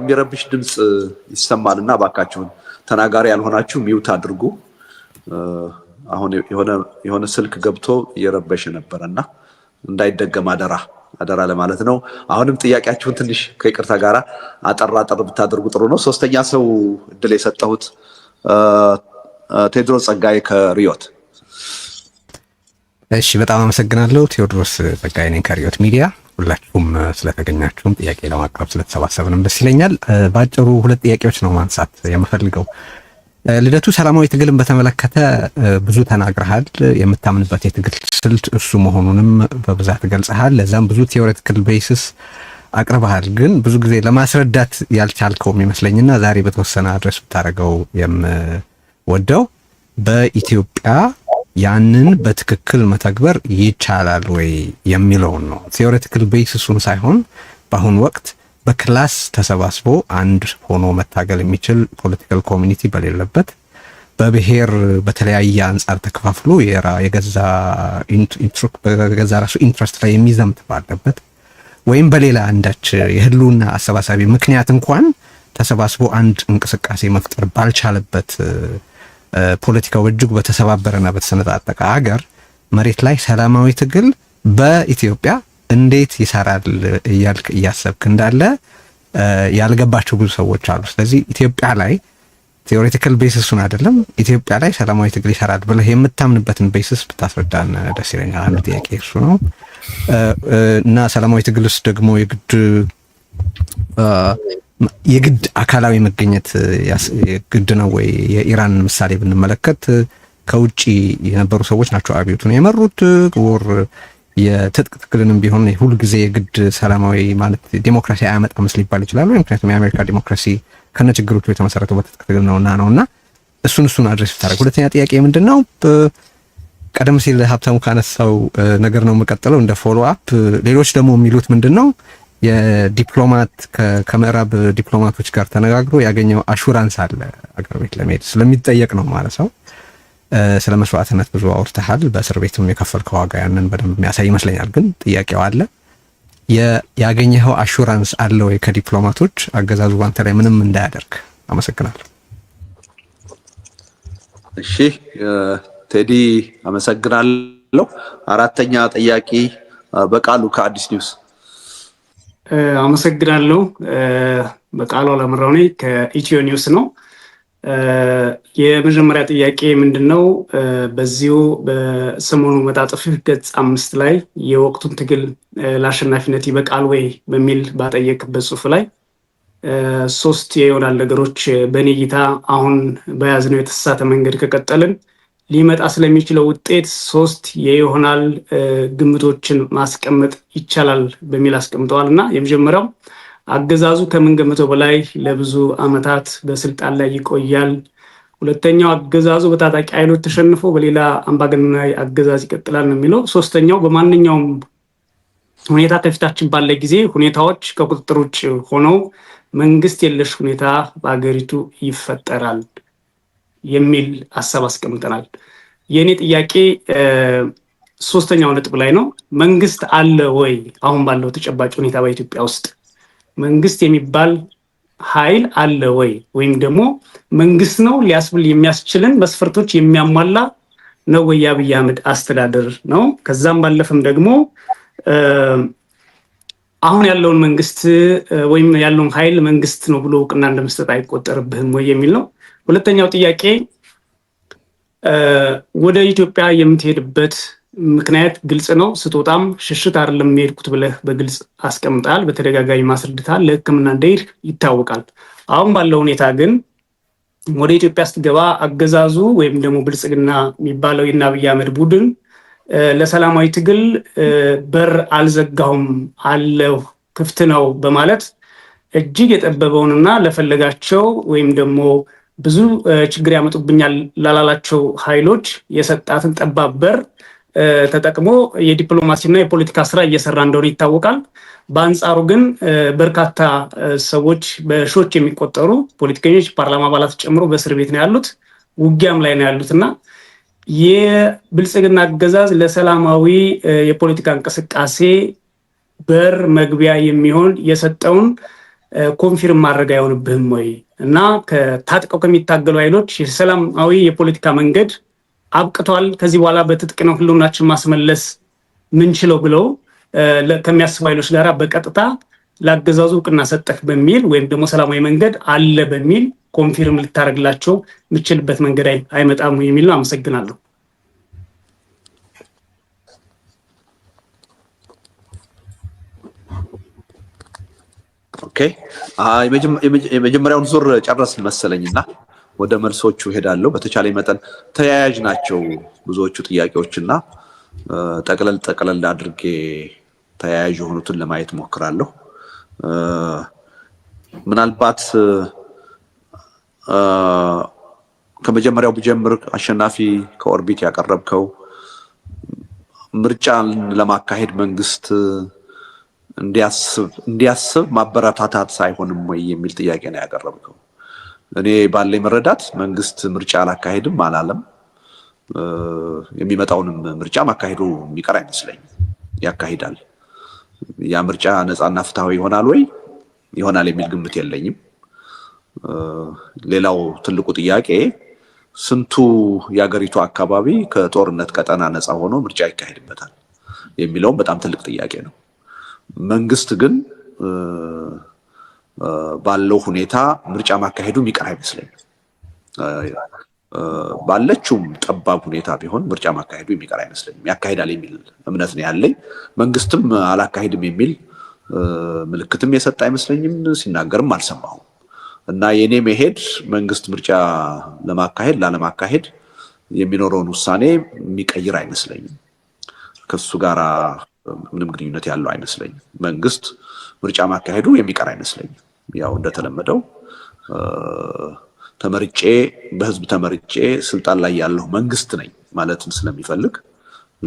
የሚረብሽ ድምፅ ይሰማል እና እባካችሁን ተናጋሪ ያልሆናችሁ ሚውት አድርጉ። አሁን የሆነ ስልክ ገብቶ እየረበሸ ነበረ እና እንዳይደገም አደራ አደራ ለማለት ነው። አሁንም ጥያቄያችሁን ትንሽ ከይቅርታ ጋር አጠር አጠር ብታደርጉ ጥሩ ነው። ሶስተኛ ሰው እድል የሰጠሁት ቴዎድሮስ ጸጋዬ ከሪዮት እሺ፣ በጣም አመሰግናለሁ። ቴዎድሮስ ጸጋዬ ነኝ ከሪዮት ሚዲያ ሁላችሁም ስለተገኛችሁም ጥያቄ ለማቅረብ ስለተሰባሰብንም ደስ ይለኛል። በአጭሩ ሁለት ጥያቄዎች ነው ማንሳት የምፈልገው። ልደቱ ሰላማዊ ትግልን በተመለከተ ብዙ ተናግረሃል። የምታምንበት የትግል ስልት እሱ መሆኑንም በብዛት ገልጸሃል። ለዛም ብዙ ቴዎሬቲካል ቤሲስ አቅርበሃል። ግን ብዙ ጊዜ ለማስረዳት ያልቻልከውም ይመስለኝና ዛሬ በተወሰነ አድረስ ብታደርገው የምወደው በኢትዮጵያ ያንን በትክክል መተግበር ይቻላል ወይ የሚለውን ነው። ቴዎሬቲካል ቤሲሱን ሳይሆን በአሁኑ ወቅት በክላስ ተሰባስቦ አንድ ሆኖ መታገል የሚችል ፖለቲካል ኮሚኒቲ በሌለበት በብሔር በተለያየ አንጻር ተከፋፍሎ የገዛ በገዛ ራሱ ኢንትረስት ላይ የሚዘምት ባለበት ወይም በሌላ አንዳች የህልውና አሰባሳቢ ምክንያት እንኳን ተሰባስቦ አንድ እንቅስቃሴ መፍጠር ባልቻለበት ፖለቲካው በእጅጉ በተሰባበረና በተሰነጣጠቀ ሀገር መሬት ላይ ሰላማዊ ትግል በኢትዮጵያ እንዴት ይሰራል እያልክ እያሰብክ እንዳለ ያልገባቸው ብዙ ሰዎች አሉ። ስለዚህ ኢትዮጵያ ላይ ቴዎሬቲካል ቤስሱን አይደለም ኢትዮጵያ ላይ ሰላማዊ ትግል ይሰራል ብለህ የምታምንበትን ቤስስ ብታስረዳን ደስ ይለኛል። አንድ ጥያቄ እሱ ነው እና ሰላማዊ ውስጥ ደግሞ የግድ የግድ አካላዊ መገኘት ግድ ነው ወይ? የኢራን ምሳሌ ብንመለከት ከውጭ የነበሩ ሰዎች ናቸው አብዮቱን የመሩት። ወር የትጥቅ ትግልንም ቢሆን ሁልጊዜ የግድ ሰላማዊ ማለት ዴሞክራሲ አያመጣም ሊባል ይችላል። ምክንያቱም የአሜሪካ ዲሞክራሲ ከነ ችግሮቹ የተመሰረተው በትጥቅ ትግል ነውና ነውና እሱን እሱን አድሬስ ብታደርግ። ሁለተኛ ጥያቄ ምንድን ነው? ቀደም ሲል ሀብታሙ ካነሳው ነገር ነው የምቀጥለው እንደ ፎሎ አፕ። ሌሎች ደግሞ የሚሉት ምንድን ነው የዲፕሎማት ከምዕራብ ዲፕሎማቶች ጋር ተነጋግሮ ያገኘው አሹራንስ አለ አገር ቤት ለመሄድ ስለሚጠየቅ ነው ማለት ነው። ስለ መስዋዕትነት ብዙ አውርተሃል። በእስር ቤትም የከፈልከው ዋጋ ያንን በደንብ የሚያሳይ ይመስለኛል። ግን ጥያቄው አለ ያገኘኸው አሹራንስ አለ ወይ ከዲፕሎማቶች አገዛዙ ባንተ ላይ ምንም እንዳያደርግ? አመሰግናለሁ። እሺ ቴዲ አመሰግናለሁ። አራተኛ ጥያቄ በቃሉ ከአዲስ ኒውስ አመሰግናለሁ። በቃሉ አለምራው ከኢትዮ ኒውስ ነው። የመጀመሪያ ጥያቄ ምንድን ነው? በዚሁ በሰሞኑ መጣጥፍ ገጽ አምስት ላይ የወቅቱን ትግል ለአሸናፊነት ይበቃል ወይ በሚል ባጠየቅበት ጽሁፍ ላይ ሶስት የይሆናል ነገሮች በኔ እይታ አሁን በያዝነው የተሳሳተ መንገድ ከቀጠልን ሊመጣ ስለሚችለው ውጤት ሶስት የይሆናል ግምቶችን ማስቀመጥ ይቻላል በሚል አስቀምጠዋል እና የመጀመሪያው አገዛዙ ከምንገምተው በላይ ለብዙ ዓመታት በስልጣን ላይ ይቆያል። ሁለተኛው አገዛዙ በታጣቂ ኃይሎች ተሸንፎ በሌላ አምባገነናዊ አገዛዝ ይቀጥላል ነው የሚለው። ሶስተኛው በማንኛውም ሁኔታ ከፊታችን ባለ ጊዜ ሁኔታዎች ከቁጥጥር ውጭ ሆነው መንግስት የለሽ ሁኔታ በሀገሪቱ ይፈጠራል። የሚል ሀሳብ አስቀምጠናል። የእኔ ጥያቄ ሶስተኛው ነጥብ ላይ ነው። መንግስት አለ ወይ? አሁን ባለው ተጨባጭ ሁኔታ በኢትዮጵያ ውስጥ መንግስት የሚባል ኃይል አለ ወይ? ወይም ደግሞ መንግስት ነው ሊያስብል የሚያስችልን መስፈርቶች የሚያሟላ ነው ወይ የአብይ አህመድ አስተዳደር ነው? ከዛም ባለፈም ደግሞ አሁን ያለውን መንግስት ወይም ያለውን ኃይል መንግስት ነው ብሎ እውቅና እንደመስጠት አይቆጠርብህም ወይ የሚል ነው። ሁለተኛው ጥያቄ ወደ ኢትዮጵያ የምትሄድበት ምክንያት ግልጽ ነው። ስትወጣም ሽሽት አይደለም የሚሄድኩት ብለህ በግልጽ አስቀምጣል፣ በተደጋጋሚ ማስረድታል። ለሕክምና እንደሄድ ይታወቃል። አሁን ባለው ሁኔታ ግን ወደ ኢትዮጵያ ስትገባ አገዛዙ ወይም ደግሞ ብልጽግና የሚባለው የናብይ አህመድ ቡድን ለሰላማዊ ትግል በር አልዘጋሁም አለው ክፍት ነው በማለት እጅግ የጠበበውንና ለፈለጋቸው ወይም ደግሞ ብዙ ችግር ያመጡብኛል ላላላቸው ኃይሎች የሰጣትን ጠባብ በር ተጠቅሞ የዲፕሎማሲና የፖለቲካ ስራ እየሰራ እንደሆነ ይታወቃል። በአንጻሩ ግን በርካታ ሰዎች በሺዎች የሚቆጠሩ ፖለቲከኞች፣ ፓርላማ አባላት ጨምሮ በእስር ቤት ነው ያሉት፣ ውጊያም ላይ ነው ያሉት እና የብልጽግና አገዛዝ ለሰላማዊ የፖለቲካ እንቅስቃሴ በር መግቢያ የሚሆን የሰጠውን ኮንፊርም ማድረግ አይሆንብህም ወይ? እና ከታጥቀው ከሚታገሉ ኃይሎች የሰላማዊ የፖለቲካ መንገድ አብቅቷል፣ ከዚህ በኋላ በትጥቅ ነው ህልውናችን ማስመለስ ምንችለው ብለው ከሚያስቡ ኃይሎች ጋር በቀጥታ ለአገዛዙ እውቅና ሰጠህ በሚል ወይም ደግሞ ሰላማዊ መንገድ አለ በሚል ኮንፊርም ልታደርግላቸው የምችልበት መንገድ አይመጣም የሚል ነው። አመሰግናለሁ። ኦኬ የመጀመሪያውን ዙር ጨረስን መሰለኝና ወደ መልሶቹ እሄዳለሁ። በተቻለ መጠን ተያያዥ ናቸው ብዙዎቹ ጥያቄዎች እና ጠቅለል ጠቅለል አድርጌ ተያያዥ የሆኑትን ለማየት ሞክራለሁ። ምናልባት ከመጀመሪያው ብጀምር አሸናፊ ከኦርቢት ያቀረብከው ምርጫን ለማካሄድ መንግስት እንዲያስብ ማበረታታት አይሆንም ወይ የሚል ጥያቄ ነው ያቀረብከው። እኔ ባለ መረዳት መንግስት ምርጫ አላካሄድም አላለም። የሚመጣውንም ምርጫ ማካሄዱ የሚቀር አይመስለኝ ያካሂዳል። ያ ምርጫ ነፃና ፍትሐዊ ይሆናል ወይ ይሆናል የሚል ግምት የለኝም። ሌላው ትልቁ ጥያቄ ስንቱ የሀገሪቱ አካባቢ ከጦርነት ቀጠና ነፃ ሆኖ ምርጫ ይካሄድበታል የሚለውም በጣም ትልቅ ጥያቄ ነው። መንግስት ግን ባለው ሁኔታ ምርጫ ማካሄዱ የሚቀር አይመስለኝም። ባለችውም ጠባብ ሁኔታ ቢሆን ምርጫ ማካሄዱ የሚቀር አይመስለኝም። ያካሄዳል የሚል እምነት ነው ያለኝ። መንግስትም አላካሄድም የሚል ምልክትም የሰጠ አይመስለኝም፣ ሲናገርም አልሰማሁም። እና የእኔ መሄድ መንግስት ምርጫ ለማካሄድ ላለማካሄድ የሚኖረውን ውሳኔ የሚቀይር አይመስለኝም ከሱ ጋራ ምንም ግንኙነት ያለው አይመስለኝም። መንግስት ምርጫ ማካሄዱ የሚቀር አይመስለኝም። ያው እንደተለመደው ተመርጬ በህዝብ ተመርጬ ስልጣን ላይ ያለው መንግስት ነኝ ማለትም ስለሚፈልግ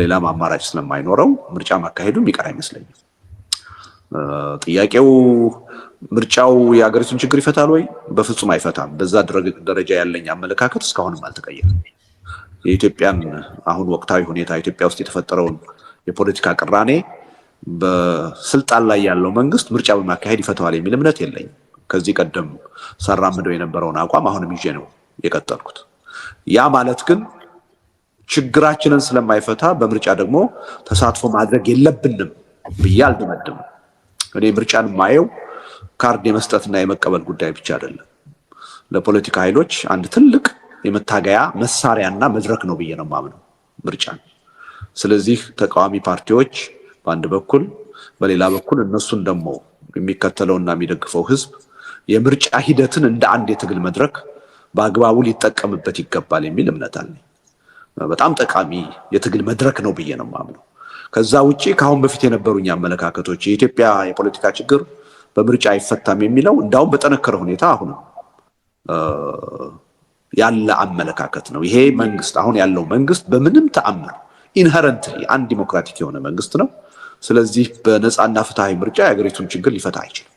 ሌላም አማራጭ ስለማይኖረው ምርጫ ማካሄዱ የሚቀር አይመስለኝም። ጥያቄው ምርጫው የሀገሪቱን ችግር ይፈታል ወይ? በፍጹም አይፈታም። በዛ ደረጃ ያለኝ አመለካከት እስካሁንም አልተቀየረም። የኢትዮጵያን አሁን ወቅታዊ ሁኔታ ኢትዮጵያ ውስጥ የተፈጠረውን የፖለቲካ ቅራኔ በስልጣን ላይ ያለው መንግስት ምርጫ በማካሄድ ይፈተዋል የሚል እምነት የለኝም። ከዚህ ቀደም ሰራምደው የነበረውን አቋም አሁንም ይዤ ነው የቀጠልኩት። ያ ማለት ግን ችግራችንን ስለማይፈታ በምርጫ ደግሞ ተሳትፎ ማድረግ የለብንም ብዬ አልደመድም። እኔ ምርጫን ማየው ካርድ የመስጠትና የመቀበል ጉዳይ ብቻ አይደለም። ለፖለቲካ ኃይሎች አንድ ትልቅ የመታገያ መሳሪያና መድረክ ነው ብዬ ነው የማምነው ምርጫን ስለዚህ ተቃዋሚ ፓርቲዎች በአንድ በኩል፣ በሌላ በኩል እነሱን ደግሞ የሚከተለውና የሚደግፈው ህዝብ የምርጫ ሂደትን እንደ አንድ የትግል መድረክ በአግባቡ ሊጠቀምበት ይገባል የሚል እምነት አለ በጣም ጠቃሚ የትግል መድረክ ነው ብዬ ነው የማምነው። ከዛ ውጭ ከአሁን በፊት የነበሩኝ አመለካከቶች የኢትዮጵያ የፖለቲካ ችግር በምርጫ አይፈታም የሚለው እንዳውም በጠነከረ ሁኔታ አሁንም ያለ አመለካከት ነው። ይሄ መንግስት አሁን ያለው መንግስት በምንም ተአምር ኢንሄረንት አንድ ዲሞክራቲክ የሆነ መንግስት ነው። ስለዚህ በነፃና ፍትሐዊ ምርጫ የሀገሪቱን ችግር ሊፈታ አይችልም።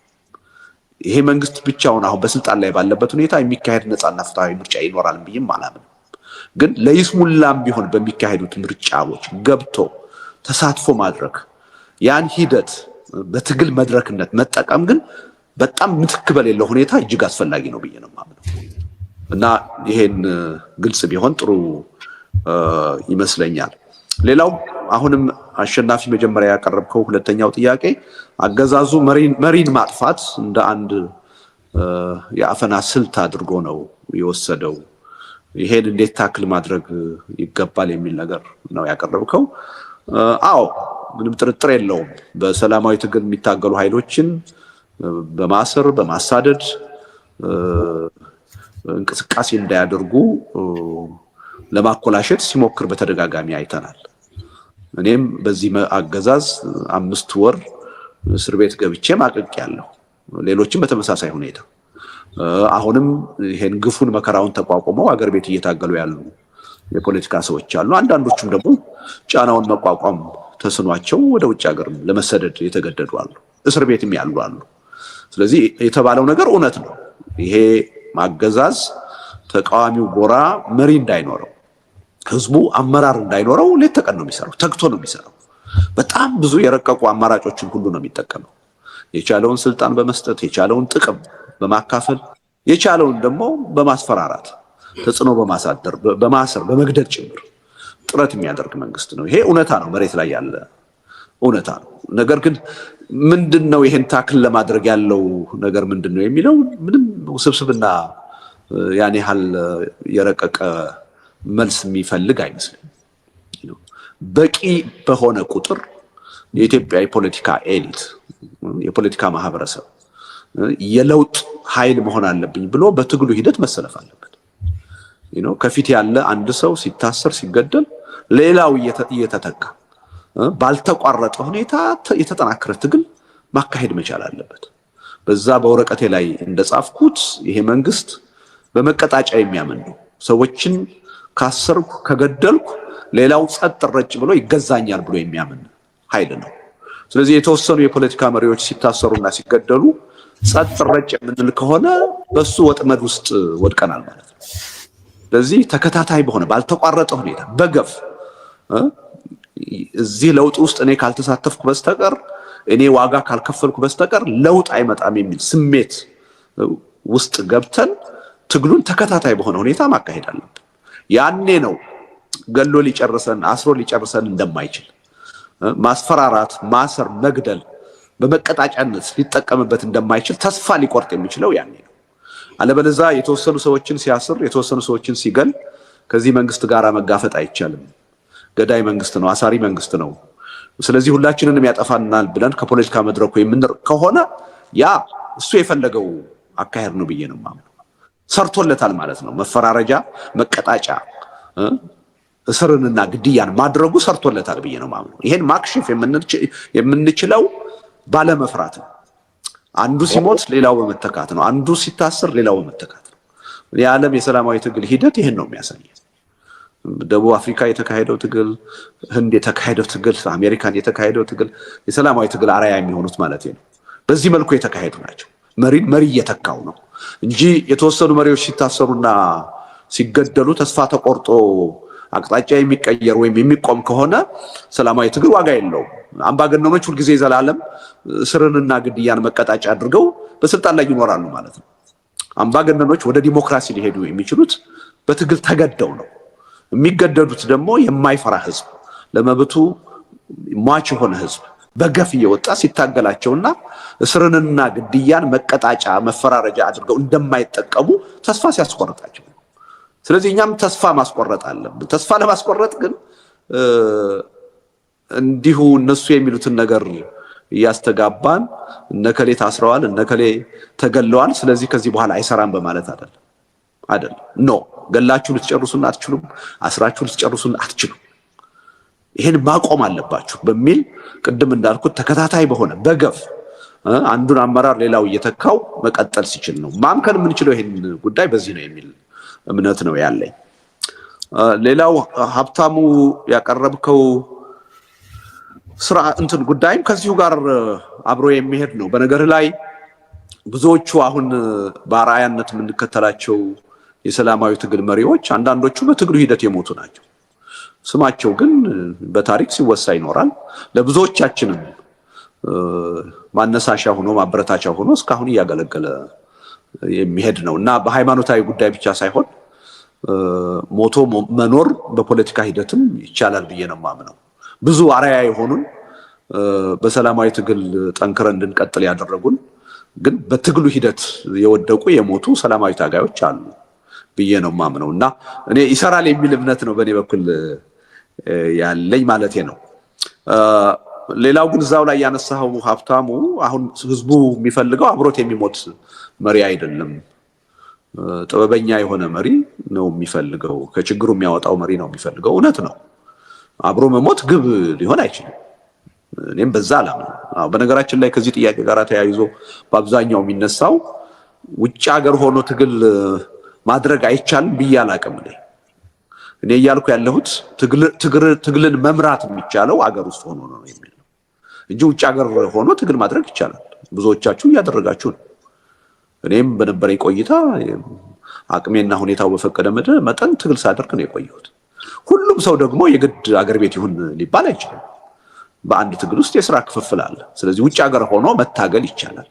ይሄ መንግስት ብቻውን አሁን በስልጣን ላይ ባለበት ሁኔታ የሚካሄድ ነፃና ፍትሐዊ ምርጫ ይኖራል ብዬም አላምንም። ግን ለይስሙላም ቢሆን በሚካሄዱት ምርጫዎች ገብቶ ተሳትፎ ማድረግ ያን ሂደት በትግል መድረክነት መጠቀም ግን በጣም ምትክ በሌለው ሁኔታ እጅግ አስፈላጊ ነው ብዬ ነው የማምነው እና ይሄን ግልጽ ቢሆን ጥሩ ይመስለኛል። ሌላው አሁንም አሸናፊ መጀመሪያ ያቀረብከው ሁለተኛው ጥያቄ አገዛዙ መሪን ማጥፋት እንደ አንድ የአፈና ስልት አድርጎ ነው የወሰደው። ይሄን እንዴት ታክል ማድረግ ይገባል የሚል ነገር ነው ያቀረብከው። አዎ ምንም ጥርጥር የለውም። በሰላማዊ ትግል የሚታገሉ ኃይሎችን በማሰር በማሳደድ እንቅስቃሴ እንዳያደርጉ ለማኮላሸት ሲሞክር በተደጋጋሚ አይተናል። እኔም በዚህ አገዛዝ አምስት ወር እስር ቤት ገብቼ ማቀቅ ያለው ሌሎችም በተመሳሳይ ሁኔታ አሁንም ይሄን ግፉን መከራውን ተቋቁመው አገር ቤት እየታገሉ ያሉ የፖለቲካ ሰዎች አሉ። አንዳንዶቹም ደግሞ ጫናውን መቋቋም ተስኗቸው ወደ ውጭ ሀገር ለመሰደድ የተገደዱ አሉ። እስር ቤትም ያሉ አሉ። ስለዚህ የተባለው ነገር እውነት ነው። ይሄ ማገዛዝ ተቃዋሚው ጎራ መሪ እንዳይኖረው ህዝቡ አመራር እንዳይኖረው ሌት ተቀን ነው የሚሰራው፣ ተግቶ ነው የሚሰራው። በጣም ብዙ የረቀቁ አማራጮችን ሁሉ ነው የሚጠቀመው። የቻለውን ስልጣን በመስጠት የቻለውን ጥቅም በማካፈል የቻለውን ደግሞ በማስፈራራት ተጽዕኖ በማሳደር በማሰር በመግደል ጭምር ጥረት የሚያደርግ መንግስት ነው። ይሄ እውነታ ነው፣ መሬት ላይ ያለ እውነታ ነው። ነገር ግን ምንድን ነው ይሄን ታክል ለማድረግ ያለው ነገር ምንድን ነው የሚለው ምንም ውስብስብና ያን ያህል የረቀቀ መልስ የሚፈልግ አይመስልም። በቂ በሆነ ቁጥር የኢትዮጵያ የፖለቲካ ኤሊት የፖለቲካ ማህበረሰብ የለውጥ ኃይል መሆን አለብኝ ብሎ በትግሉ ሂደት መሰለፍ አለበት። ከፊት ያለ አንድ ሰው ሲታሰር ሲገደል፣ ሌላው እየተተካ ባልተቋረጠ ሁኔታ የተጠናከረ ትግል ማካሄድ መቻል አለበት። በዛ በወረቀቴ ላይ እንደጻፍኩት ይሄ መንግስት በመቀጣጫ የሚያምን ነው። ሰዎችን ካሰርኩ ከገደልኩ ሌላው ጸጥ ረጭ ብሎ ይገዛኛል ብሎ የሚያምን ኃይል ነው። ስለዚህ የተወሰኑ የፖለቲካ መሪዎች ሲታሰሩና ሲገደሉ ጸጥ ረጭ የምንል ከሆነ በሱ ወጥመድ ውስጥ ወድቀናል ማለት ነው። ስለዚህ ተከታታይ በሆነ ባልተቋረጠ ሁኔታ በገፍ እዚህ ለውጥ ውስጥ እኔ ካልተሳተፍኩ በስተቀር እኔ ዋጋ ካልከፈልኩ በስተቀር ለውጥ አይመጣም የሚል ስሜት ውስጥ ገብተን ትግሉን ተከታታይ በሆነ ሁኔታ ማካሄድ አለብን። ያኔ ነው ገሎ ሊጨርሰን አስሮ ሊጨርሰን እንደማይችል ማስፈራራት፣ ማሰር፣ መግደል በመቀጣጫነት ሊጠቀምበት እንደማይችል ተስፋ ሊቆርጥ የሚችለው ያኔ ነው። አለበለዛ የተወሰኑ ሰዎችን ሲያስር፣ የተወሰኑ ሰዎችን ሲገል ከዚህ መንግስት ጋር መጋፈጥ አይቻልም። ገዳይ መንግስት ነው፣ አሳሪ መንግስት ነው። ስለዚህ ሁላችንንም ያጠፋናል ብለን ከፖለቲካ መድረኩ የምንርቅ ከሆነ ያ እሱ የፈለገው አካሄድ ነው ብዬ ነው የማምነው። ሰርቶለታል ማለት ነው። መፈራረጃ፣ መቀጣጫ፣ እስርንና ግድያን ማድረጉ ሰርቶለታል ብዬ ነው ማምነው። ይሄን ማክሽፍ የምንችለው ባለመፍራት ነው። አንዱ ሲሞት ሌላው በመተካት ነው። አንዱ ሲታስር ሌላው በመተካት ነው። የዓለም የሰላማዊ ትግል ሂደት ይህን ነው የሚያሳየው። ደቡብ አፍሪካ የተካሄደው ትግል፣ ህንድ የተካሄደው ትግል፣ አሜሪካን የተካሄደው ትግል የሰላማዊ ትግል አርአያ የሚሆኑት ማለት ነው። በዚህ መልኩ የተካሄዱ ናቸው። መሪን መሪ እየተካው ነው እንጂ የተወሰኑ መሪዎች ሲታሰሩና ሲገደሉ ተስፋ ተቆርጦ አቅጣጫ የሚቀየር ወይም የሚቆም ከሆነ ሰላማዊ ትግል ዋጋ የለውም። አምባገነኖች ሁልጊዜ ዘላለም ስርንና ግድያን መቀጣጫ አድርገው በስልጣን ላይ ይኖራሉ ማለት ነው። አምባገነኖች ወደ ዲሞክራሲ ሊሄዱ የሚችሉት በትግል ተገደው ነው። የሚገደዱት ደግሞ የማይፈራ ህዝብ፣ ለመብቱ ሟች የሆነ ህዝብ በገፍ እየወጣ ሲታገላቸውና እስርንና ግድያን መቀጣጫ መፈራረጃ አድርገው እንደማይጠቀሙ ተስፋ ሲያስቆርጣቸው፣ ስለዚህ እኛም ተስፋ ማስቆረጥ አለብን። ተስፋ ለማስቆረጥ ግን እንዲሁ እነሱ የሚሉትን ነገር እያስተጋባን እነከሌ ታስረዋል፣ እነከሌ ተገለዋል፣ ስለዚህ ከዚህ በኋላ አይሰራም በማለት አይደለም አይደለም። ኖ ገላችሁ ልትጨርሱን አትችሉም፣ አስራችሁ ልትጨርሱን አትችሉም። ይሄን ማቆም አለባችሁ በሚል ቅድም እንዳልኩት ተከታታይ በሆነ በገፍ አንዱን አመራር ሌላው እየተካው መቀጠል ሲችል ነው ማምከን የምንችለው። ይሄን ጉዳይ በዚህ ነው የሚል እምነት ነው ያለኝ። ሌላው ሀብታሙ ያቀረብከው ስራ እንትን ጉዳይም ከዚሁ ጋር አብሮ የሚሄድ ነው። በነገር ላይ ብዙዎቹ አሁን በአርአያነት የምንከተላቸው የሰላማዊ ትግል መሪዎች አንዳንዶቹ በትግሉ ሂደት የሞቱ ናቸው። ስማቸው ግን በታሪክ ሲወሳ ይኖራል። ለብዙዎቻችንም ማነሳሻ ሆኖ ማበረታቻ ሆኖ እስካሁን እያገለገለ የሚሄድ ነው እና በሃይማኖታዊ ጉዳይ ብቻ ሳይሆን ሞቶ መኖር በፖለቲካ ሂደትም ይቻላል ብዬ ነው የማምነው። ብዙ አርአያ የሆኑን በሰላማዊ ትግል ጠንክረን እንድንቀጥል ያደረጉን ግን በትግሉ ሂደት የወደቁ የሞቱ ሰላማዊ ታጋዮች አሉ ብዬ ነው የማምነው እና እኔ ይሰራል የሚል እምነት ነው በእኔ በኩል ያለኝ ማለቴ ነው። ሌላው ግን እዛው ላይ ያነሳው ሀብታሙ፣ አሁን ህዝቡ የሚፈልገው አብሮት የሚሞት መሪ አይደለም፣ ጥበበኛ የሆነ መሪ ነው የሚፈልገው። ከችግሩ የሚያወጣው መሪ ነው የሚፈልገው። እውነት ነው። አብሮ መሞት ግብ ሊሆን አይችልም። እኔም በዛ አላም። በነገራችን ላይ ከዚህ ጥያቄ ጋር ተያይዞ በአብዛኛው የሚነሳው ውጭ ሀገር ሆኖ ትግል ማድረግ አይቻልም ብዬ አላቅም። እኔ እያልኩ ያለሁት ትግልን መምራት የሚቻለው አገር ውስጥ ሆኖ ነው የሚለው እንጂ ውጭ ሀገር ሆኖ ትግል ማድረግ ይቻላል። ብዙዎቻችሁ እያደረጋችሁ ነው። እኔም በነበረኝ ቆይታ አቅሜና ሁኔታው በፈቀደ መጠን ትግል ሳደርግ ነው የቆየሁት። ሁሉም ሰው ደግሞ የግድ አገር ቤት ይሁን ሊባል አይችልም። በአንድ ትግል ውስጥ የስራ ክፍፍል አለ። ስለዚህ ውጭ ሀገር ሆኖ መታገል ይቻላል።